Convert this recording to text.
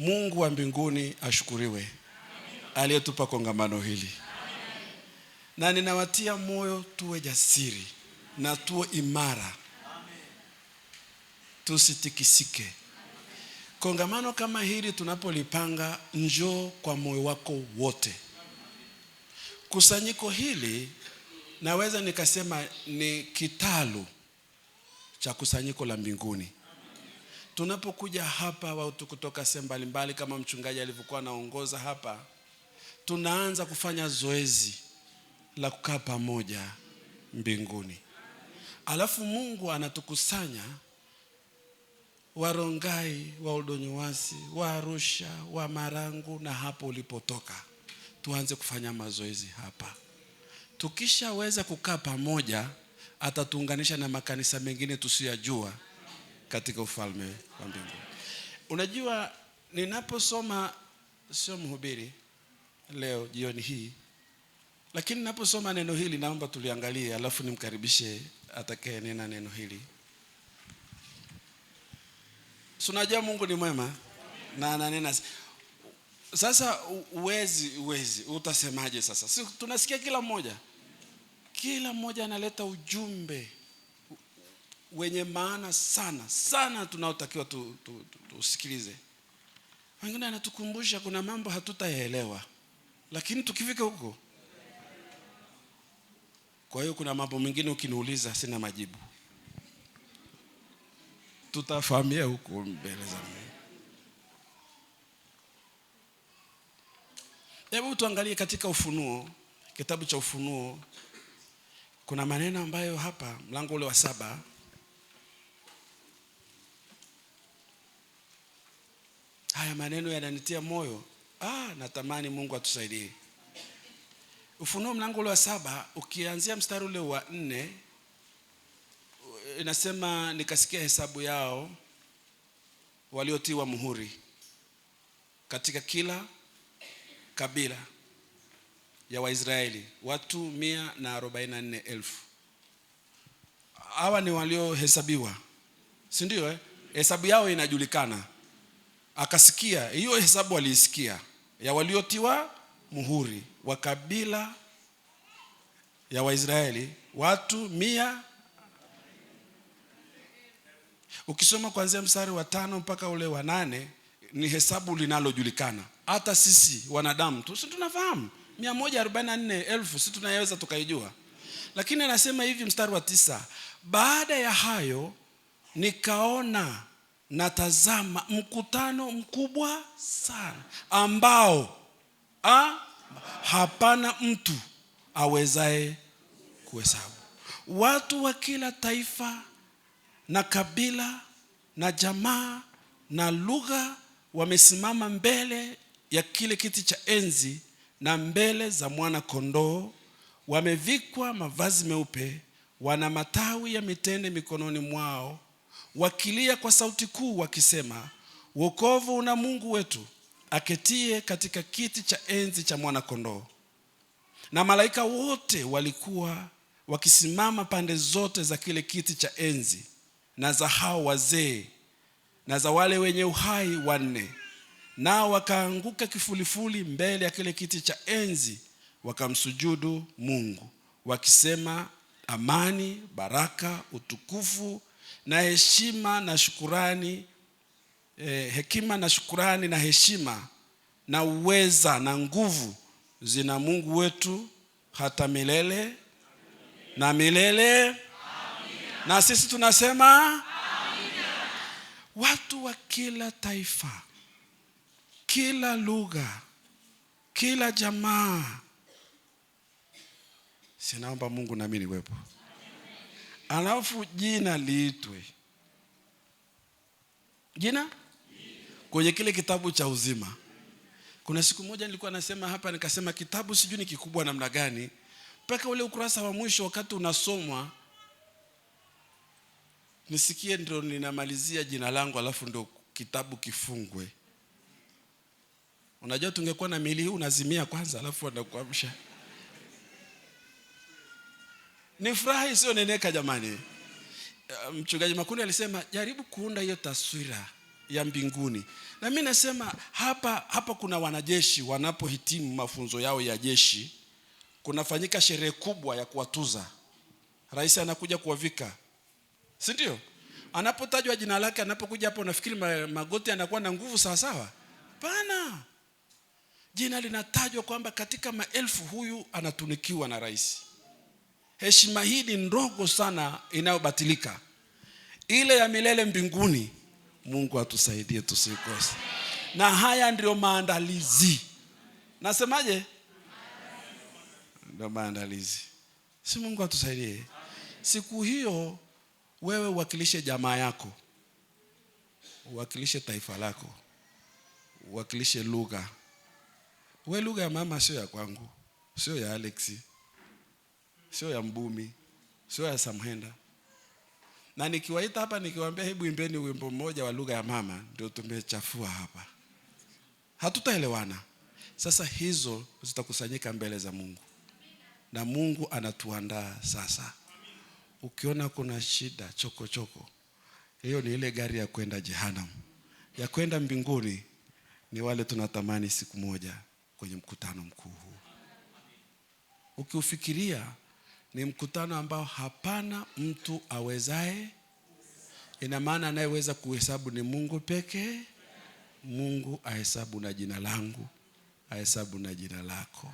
Mungu wa mbinguni ashukuriwe, aliyetupa kongamano hili Amen. Na ninawatia moyo tuwe jasiri na tuwe imara, tusitikisike. Kongamano kama hili tunapolipanga, njoo kwa moyo wako wote. Kusanyiko hili naweza nikasema ni kitalu cha kusanyiko la mbinguni. Tunapokuja hapa watu kutoka sehemu mbalimbali, kama mchungaji alivyokuwa anaongoza hapa, tunaanza kufanya zoezi la kukaa pamoja mbinguni, alafu Mungu anatukusanya Warongai, wa udonyowasi wa Arusha, wa Marangu na hapo ulipotoka, tuanze kufanya mazoezi hapa. Tukishaweza kukaa pamoja, atatuunganisha na makanisa mengine tusiyajua katika ufalme wa mbinguni. Unajua, ninaposoma, sio mhubiri leo jioni hii, lakini ninaposoma neno hili, naomba tuliangalie, alafu nimkaribishe atakayenena neno hili. Sunajua Mungu ni mwema na ananena. Sasa uwezi uwezi, utasemaje sasa? Si tunasikia kila mmoja, kila mmoja analeta ujumbe wenye maana sana sana tunaotakiwa tusikilize tu, tu, tu. Wengine anatukumbusha kuna mambo hatutayaelewa, lakini tukifika huko. Kwa hiyo kuna mambo mengine ukiniuliza sina majibu, tutafahamia huko mbele za Mungu. Hebu tuangalie katika Ufunuo, kitabu cha Ufunuo kuna maneno ambayo hapa mlango ule wa saba Haya maneno yananitia moyo. Ah, natamani Mungu atusaidie. Ufunuo mlango ule wa saba ukianzia mstari ule wa nne inasema nikasikia hesabu yao waliotiwa muhuri katika kila kabila ya Waisraeli watu mia Hawa ni waliohesabiwa, si ndio? Eh, hesabu yao inajulikana akasikia hiyo hesabu, aliisikia ya waliotiwa muhuri wa kabila ya Waisraeli watu mia. Ukisoma kuanzia mstari wa tano mpaka ule wa nane ni hesabu linalojulikana hata sisi wanadamu tu, si tunafahamu elfu si tunayeweza tukaijua, lakini anasema hivi mstari wa tisa, baada ya hayo nikaona natazama mkutano mkubwa sana ambao ha, hapana mtu awezaye kuhesabu. Watu wa kila taifa na kabila na jamaa na lugha wamesimama mbele ya kile kiti cha enzi na mbele za mwana kondoo, wamevikwa mavazi meupe, wana matawi ya mitende mikononi mwao wakilia kwa sauti kuu wakisema, wokovu una Mungu wetu aketie katika kiti cha enzi cha mwana-kondoo. Na malaika wote walikuwa wakisimama pande zote za kile kiti cha enzi na za hao wazee na za wale wenye uhai wanne, nao wakaanguka kifulifuli mbele ya kile kiti cha enzi, wakamsujudu Mungu wakisema, amani, baraka, utukufu na heshima na shukurani eh, hekima na shukurani na heshima na uweza na nguvu zina Mungu wetu hata milele na milele Amina. na sisi tunasema Amina. Watu wa kila taifa, kila lugha, kila jamaa, sinaomba Mungu nami niwepo alafu jina liitwe jina kwenye kile kitabu cha uzima. Kuna siku moja nilikuwa nasema hapa, nikasema kitabu sijui ni kikubwa namna gani, mpaka ule ukurasa wa mwisho wakati unasomwa nisikie ndio ninamalizia jina langu, alafu ndio kitabu kifungwe. Unajua, tungekuwa na mili hii unazimia kwanza, alafu anakuamsha ni furaha isiyoneneka jamani. Eh, Mchungaji Makundi alisema jaribu kuunda hiyo taswira ya mbinguni, na mimi nasema hapa hapa kuna wanajeshi wanapohitimu mafunzo yao ya jeshi, kunafanyika sherehe kubwa ya kuwatuza. Rais anakuja kuwavika, si ndio? Anapotajwa jina lake, anapokuja hapo, nafikiri magoti anakuwa na nguvu sawasawa? Pana, jina linatajwa kwamba katika maelfu huyu anatunikiwa na rais heshima hii ni ndogo sana inayobatilika, ile ya milele mbinguni. Mungu atusaidie tusikose. Na haya ndiyo maandalizi, nasemaje? Ndio maandalizi, si Mungu atusaidie. Siku hiyo wewe uwakilishe jamaa yako, uwakilishe taifa lako, uwakilishe lugha. We, lugha ya mama sio ya kwangu, sio ya Alexi sio ya Mbumi, sio ya Samhenda. Na nikiwaita hapa nikiwaambia, hebu imbeni wimbo mmoja wa lugha ya mama, ndio tumechafua hapa, hatutaelewana. Sasa hizo zitakusanyika mbele za Mungu na Mungu anatuandaa sasa. Ukiona kuna shida chokochoko choko, hiyo ni ile gari ya kwenda jehanamu. Ya kwenda mbinguni ni wale tunatamani siku moja kwenye mkutano mkuu huu ukiufikiria ni mkutano ambao hapana mtu awezaye. Ina maana anayeweza kuhesabu ni Mungu pekee. Mungu ahesabu na jina langu, ahesabu na jina lako.